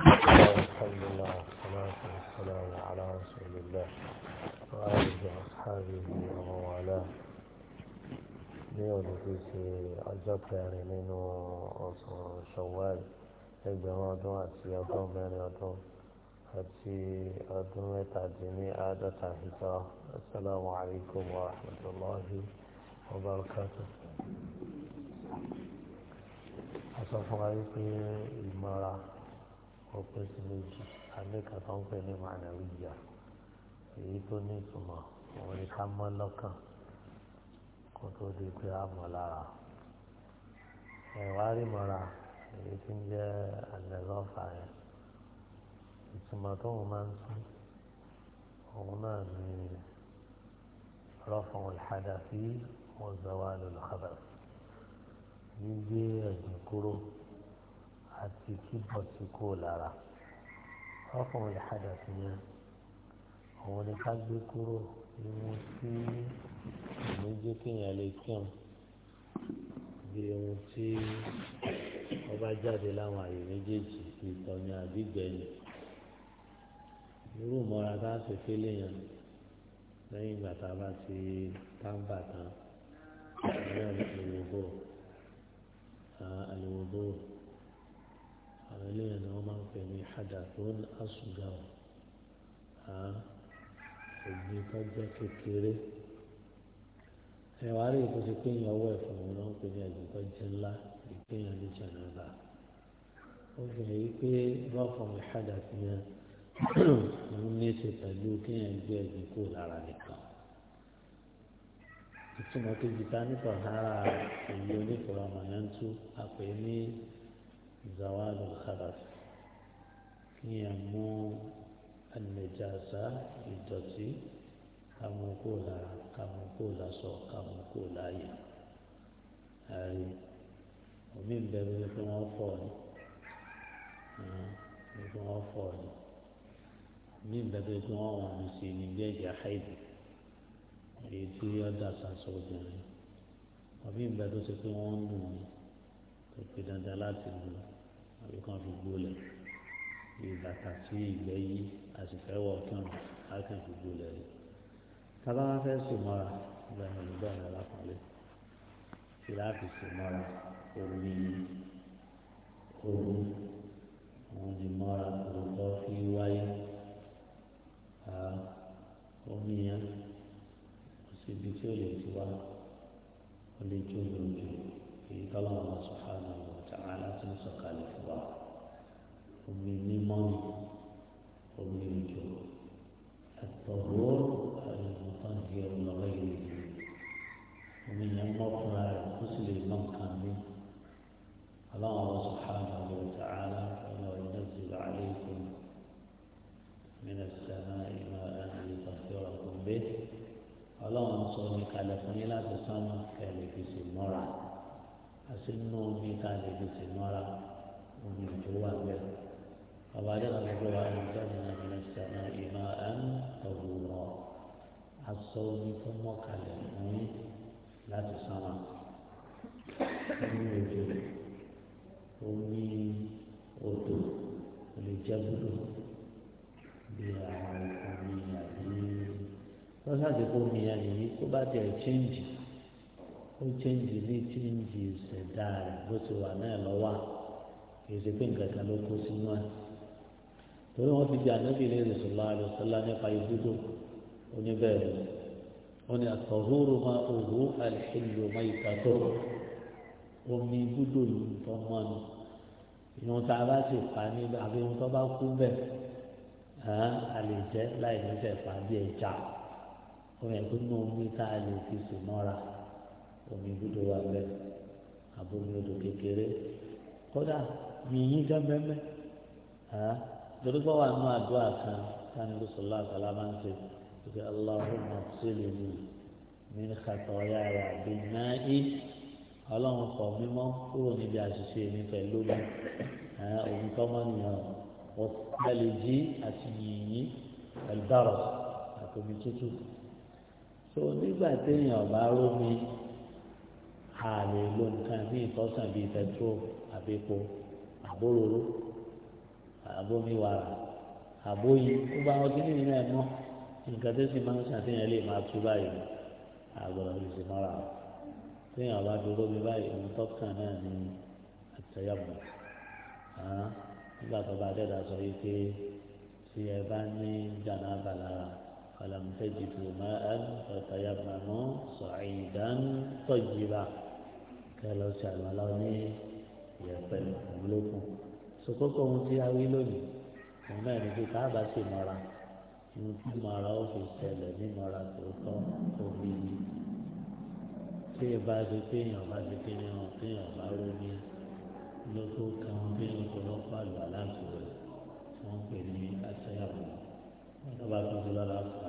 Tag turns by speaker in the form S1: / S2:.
S1: الحمد لله والصلاة والسلام على رسول الله وآله وأصحابه ومن والاه ليولد في الجبر من شوال ẹgbẹ̀rún ọdún àti ọdún mẹ́rin ọdún àti ọdún mẹ́tàdínní àádọ́ta ìjọ asalaamu alaykum wa rahmatulahi wa barakatu. a sọ fún wa wípé ìmọ̀ra ọpẹ́ sí méjì àlékà tó ń pè ní mànàwíyà èyí tó ní ìtumọ̀ òun ni ká mọ́ lọ́kàn kó tó di pé a mọ̀ lára ẹ̀wá rí mọ́ra èyí tí ń jẹ́ àlẹ́lọ́fà yẹn ìtumọ̀ tó ń máa ń tún òun náà ní rọ́fọ̀n ìhàdà sí wọ́n zawal al-khabath gbígbé ẹ̀gbìn kúrò àti kíbọ̀ tí kò lára ọkùnrin ìhàdà sí yẹn àwọn ni ká gbé kúrò irun tí òun jẹ́ kéèyàn lè kírun bí irun tí wọ́n bá jáde láwọn àyè méjèèjì ìtọ́ni àbígbẹ̀yìn irú ìmọ̀ra tá a ṣe fẹ́lẹ̀ lẹ́yìn ìgbà tá a bá ti tábà tán ẹ̀rọ ìlú bò ẹ̀rọ ìlú bò àwọn eléyìí ni wọ́n máa ń pè ní hadathun asghar òbí tó jẹ́ kékeré ẹ̀wà rí ìtòsí pé èèyàn wọ̀ ẹ̀fọ́ òun náà ń pè ní ẹ̀jẹ̀ tó jẹ́ ńlá ìpéyàn ní jẹ̀nàbà obìnrin yìí pé rọ́ọ̀fọ̀ mi hadath yẹn òun ní ṣe pẹ̀lú kéèyàn gbé ẹ̀jẹ̀ kúrò lára nìkan ìtumọ̀ kejì ta nípa ara èyí onífọ̀rọ̀ yẹn ń àpè ní. زوال الخبث يمو النجاسة ìdọ̀tí kàmùkù là kàmùkù là sọ kàmùkù là yẹ àrí omi ń bẹ wípé kí wọ́n fọ̀ ni wípé wọ́n fọ̀ ni omi ń bẹ wípé kí wọ́n wọ̀n mi sí ní tó fi dandan láti lu àbí kan fi gbólẹ̀ bíi bàtà sí ìgbẹ́ yìí a sì fẹ́ wọ ọ̀tún a sì fi gbólẹ̀ rí tábà wá fẹ́ sùn mọ́ra bẹ́ẹ̀ ni olùgbà ní alákọ̀ọ́lẹ̀ tí láti sùn mọ́ra òru ni òru òun ni mọ́ra olùkọ́ fi wáyé omi yẹn kò sí ibi tí ó lè ti wá ó lè jó lójú. èyí tọ́lọ́ wọn sùhánà ọ̀tá aláti ń sọ̀kalẹ̀ fún wa omi mímọ́ ni omi òjò ẹ̀tọ́wọ́ àìmọ̀tán ní ọlọ́wọ́ ìlú omi yẹn mọ́ fúnra rẹ̀ ó sì lè mọ nǹkan mi ọlọ́wọ́n wọn sùhánà ọ̀tá aláti ọlọ́wọ́ ìdẹ́sẹ̀ àlékún من السماء ماء لطهركم به ọlọ́run sọ ní kalẹ̀ fún yín láti sánmà kẹlẹ̀ fi sì mọ́ra àti nínú omi tá a lè fi sè mọ́ra omi òjò wà bẹ́ẹ̀. ọba adé kan gbogbo wa ní ìjọba náà ní ẹsẹ̀ náà ìmọ̀ ẹ̀m ọ̀wùrọ̀ aṣọ omi tó mọ́ kalẹ̀ fún yín láti sánmà omi òjò omi odò olè jẹ́ bí àwọn omi àbí lọ́sàdé kó omi yẹn nìyí kó bá tẹ̀ ẹ́ chẹ́ǹjì ó chẹ́ǹjì lé chẹ́ǹjì ìṣẹ̀dá rẹ̀ bó ti wà náà lọ́wọ́ kì í ṣe pé nǹkan kan ló kó sínú ẹ̀ torí wọ́n ti di ànábì ilé rẹ̀ sọ̀lá rẹ̀ sọ̀lá nípa ibùdó oníbẹ̀rẹ̀ wọn ni àtọ̀húrò máa òhù àìṣèlú máa ìtàtọ̀ omi ibùdó yìí tó mọ́ ni ìwọ̀n tá a bá sì pa ní àbí ohun tó bá kú bẹ́ẹ̀ a lè jẹ́ láì ní fẹ́ pa bí ẹja omi ẹ̀kú ní omi tá a lè fi sùn mọ́ra omi gbúdọ̀ wà bẹ́ẹ̀ abomi odò kékeré kódà yìnyín gan mẹ́mẹ́ torí pé wà nù àdúrà kan sani bisalòlá àtàlámà ń ṣe ìgbà aláhùnmá sílè mi mi ń kàtà ọ̀yà rà bí náà í ọlọ́run kọ̀ mímọ́ kúrò níbi àṣìṣe mi pẹ̀lú mi òun tọ́mọ́ nìyẹn ọ̀pẹ̀lẹ̀jì àti yìnyín ẹ̀dọ́rọ̀ àtòmí tútù. so nígbà téèyàn bá rómi a lè lo nǹkan ní ìtọ́sàn bíi pẹtrol àbípo àbóróró àbómiwara àbóyí ó bá wọn kíní nínú ẹ̀ mọ́ nǹkan tó sì máa ń ṣàtìyàn lè máa tú báyìí àgbọ̀dọ̀ lè sì mọ́ra téèyàn bá dúró mi báyìí ohun tọ́kàn náà ni àtẹ̀yàmọ̀ nígbà tó bá dẹ́dà sọ yìí pé tí ẹ bá ní jàǹdà balára kọlàmùtẹ́jì tó máa ń tọ́tàyàmọ̀ sọ̀ àyìndá ń tọ́jú kẹ́ lọ sí àlùwàlá ní ìyẹ̀pẹ̀ òun ló kù sòkòkò ohun tí a wí lónìí òun náà ní kí káàbà sì mọ́ra inú tí mọ́ra ó fi ṣẹlẹ̀ ní mọ́ra tòótọ́ omi ni tí ì bá ti téèyàn bá ti kí ni wọn téèyàn bá rómi ló tó kan bí wọn kò lọ́pọ̀ àlùwàlá àti rẹ̀ wọ́n pè ní àṣẹyàwó wọn bá tó ti lọ́la fún.